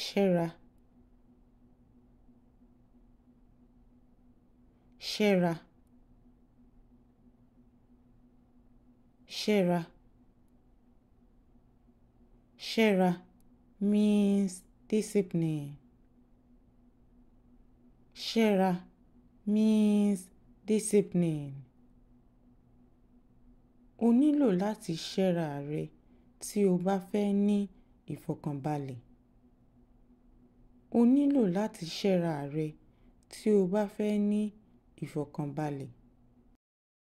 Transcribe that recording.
ṣẹ́ra ṣẹ́ra ṣẹ́ra ṣẹ́ra means discipline ṣẹ́ra means discipline o nílò láti ṣẹ́ra rẹ tí o bá fẹ́ ní ìfọ̀kànbalẹ̀ o nílò láti ṣọ́ra rẹ tí o bá fẹ́ ní ìfọ̀kànbalẹ̀